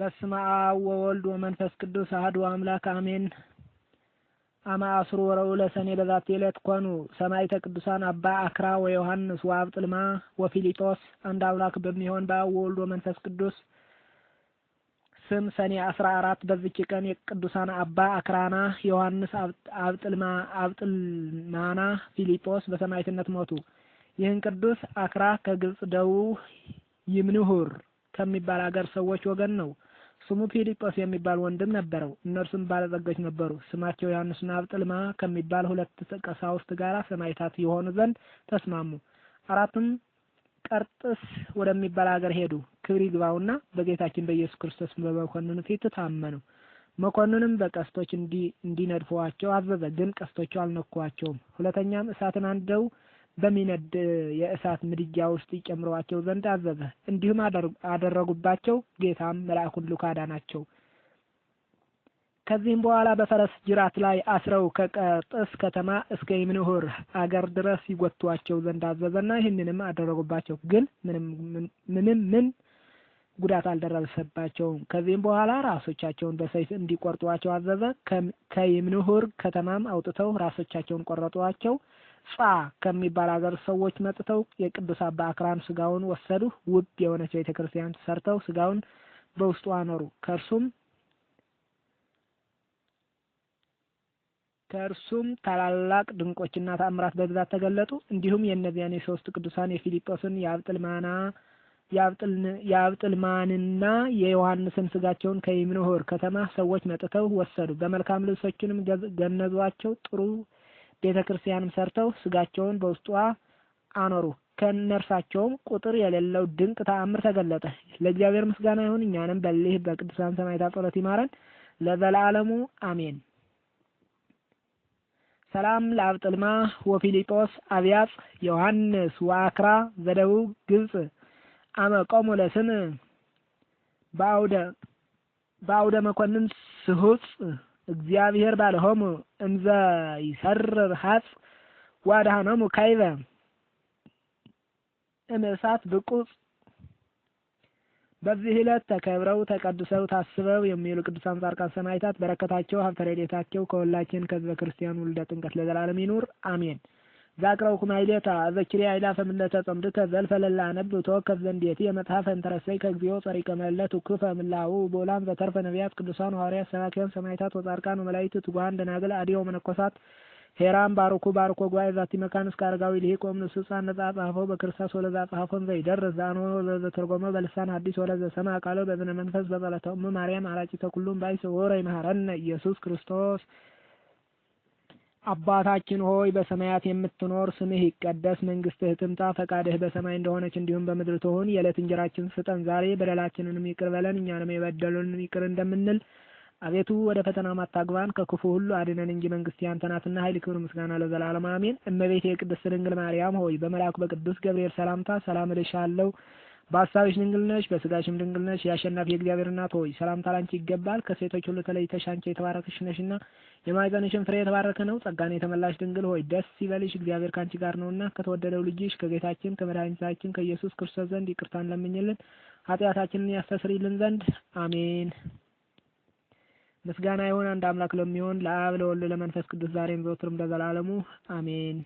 በስመ አብ ወወልድ ወመንፈስ ቅዱስ አሐዱ አምላክ አሜን። አመ አስሩ ወረቡዕ ለሰኔ በዛቲ ዕለት ኮኑ ሰማዕተ ቅዱሳን አባ አክራ ወዮሐንስ ወአብጥልማ ጥልማ ወፊሊጦስ። አንድ አምላክ በሚሆን በአብ ወወልድ ወመንፈስ ቅዱስ ስም ሰኔ አስራ አራት በዚች ቀን የቅዱሳን አባ አክራና ዮሐንስ አብጥልማ አብጥልማና ፊሊጶስ በሰማዕትነት ሞቱ። ይህን ቅዱስ አክራ ከግብጽ ደቡብ ይምንሁር ከሚባል አገር ሰዎች ወገን ነው። ስሙ ፊልጶስ የሚባል ወንድም ነበረው። እነርሱም ባለጸጎች ነበሩ። ስማቸው ዮሐንስና አብጥልማ ከሚባል ሁለት ቀሳውስት ጋር ሰማዕታት የሆኑ ዘንድ ተስማሙ። አራቱም ቀርጥስ ወደሚባል ሀገር ሄዱ። ክብር ይግባውና በጌታችን በኢየሱስ ክርስቶስ በመኮንኑ ፊት ታመኑ። መኮንንም በቀስቶች እንዲነድፈዋቸው አዘዘ። ግን ቀስቶቹ አልነኳቸውም። ሁለተኛም እሳትን አንደው በሚነድ የእሳት ምድጃ ውስጥ ይጨምሯቸው ዘንድ አዘዘ። እንዲሁም አደረጉባቸው። ጌታም መልአኩን ልኮ አዳናቸው። ከዚህም በኋላ በፈረስ ጅራት ላይ አስረው ከቀጥስ ከተማ እስከ ይምንሁር አገር ድረስ ይጎትቷቸው ዘንድ አዘዘና ይህንንም አደረጉባቸው። ግን ምንም ምን ጉዳት አልደረሰባቸውም። ከዚህም በኋላ ራሶቻቸውን በሰይፍ እንዲቆርጧቸው አዘዘ። ከይምንሁር ከተማም አውጥተው ራሶቻቸውን ቆረጧቸው። ጻ ከሚባል አገር ሰዎች መጥተው የቅዱስ አባ አክራም ስጋውን ወሰዱ። ውብ የሆነች ቤተ ክርስቲያን ሰርተው ስጋውን በውስጡ አኖሩ። ከእርሱም ከእርሱም ታላላቅ ድንቆችና ተአምራት በብዛት ተገለጡ። እንዲሁም የእነዚያን የሶስት ቅዱሳን የፊሊጶስን፣ የአብጥልማና የአብጥልማንና የዮሐንስን ስጋቸውን ከይምንሆር ከተማ ሰዎች መጥተው ወሰዱ። በመልካም ልብሶችንም ገነዟቸው። ጥሩ ቤተ ክርስቲያንም ሰርተው ስጋቸውን በውስጧ አኖሩ። ከነርሳቸውም ቁጥር የሌለው ድንቅ ተአምር ተገለጠ። ለእግዚአብሔር ምስጋና ይሁን። እኛንም በሊህ በቅዱሳን ሰማዕታት ጸሎት ይማረን ለዘላለሙ አሜን። ሰላም ለአብጥልማ ወፊሊጶስ አብያጽ ዮሐንስ ወአክራ ዘደቡብ ግብጽ አመቆሙ ለስም በአውደ በአውደ መኮንን ስሁጽ እግዚአብሔር ባለሆሙ እንዘ ይሰርር ሀጽ ዋድሃኖሙ ካይበ እምእሳት ብቁጽ በዚህ ዕለት ተከብረው ተቀድሰው ታስበው የሚሉ ቅዱሳን ጻድቃን ሰማዕታት በረከታቸው ሀብተ ረድኤታቸው ከሁላችን ከሕዝበ ክርስቲያኑ ልደ ጥምቀት ለዘላለም ይኑር አሜን። ዛቅረውኩማ ይሌታ ዘኪርያ ይላፈ ምለተ ጸምድከ ዘልፈ ለላ ነብ ተወከፍ ዘንዴቲ የመጽሐፈ እንተረሰይ ከግዚኦ ጸሪቀ መለት ውክፈ ምላው ቦላም ዘተርፈ ነቢያት ቅዱሳን ሐዋርያት ሰባኪያን ሰማዕታት ወጻድቃን ወመላእክት ትጉሃን ደናግል አዲዮ መነኮሳት ሄራም ባርኩ ባርኮ ጓይ ዛቲ መካን እስከ አረጋዊ ልሂቅ ወእምንሱ ሕፃን ነጻ ጻፈው በክርስቶስ ወለዛ ጻፈውን ዘይደርስ ዛኖ ለዘተርጎመ በልሳን አዲስ ወለዘ ሰማ ቃሎ በዝነ መንፈስ በጸለተውም ማርያም አራጭ ተኩሉም ባይ ስውረ ይመሐረነ ኢየሱስ ክርስቶስ አባታችን ሆይ በሰማያት የምትኖር ስምህ ይቀደስ፣ መንግስትህ ትምጣ፣ ፈቃድህ በሰማይ እንደሆነች እንዲሁም በምድር ትሁን። የዕለት እንጀራችን ስጠን ዛሬ፣ በደላችንንም ይቅር በለን እኛንም የበደሉንን ይቅር እንደምንል። አቤቱ ወደ ፈተና ማታግባን ከክፉ ሁሉ አድነን እንጂ መንግስት ያንተ ናትና ኃይል፣ ክብር፣ ምስጋና ለዘላለም አሜን። እመቤቴ የቅድስት ድንግል ማርያም ሆይ በመልአኩ በቅዱስ ገብርኤል ሰላምታ ሰላም እልሻለሁ በሐሳብሽ ድንግል ነሽ፣ በስጋሽም ድንግል ነሽ። የአሸናፊ የእግዚአብሔር እናት ሆይ ሰላምታ ላንቺ ይገባል። ከሴቶች ሁሉ ተለይተሽ አንቺ የተባረክሽ ነሽና የማኅፀንሽም ፍሬ የተባረከ ነው። ጸጋን የተመላሽ ድንግል ሆይ ደስ ይበልሽ፣ እግዚአብሔር ካንቺ ጋር ነውና ከተወደደው ልጅሽ ከጌታችን ከመድኃኒታችን ከኢየሱስ ክርስቶስ ዘንድ ይቅርታን ለምኝልን ኃጢአታችንን ያስተስርይልን ዘንድ አሜን። ምስጋና ይሁን አንድ አምላክ ለሚሆን ለአብ ለወልድ ለመንፈስ ቅዱስ ዛሬም ዘወትርም ለዘላለሙ አሜን።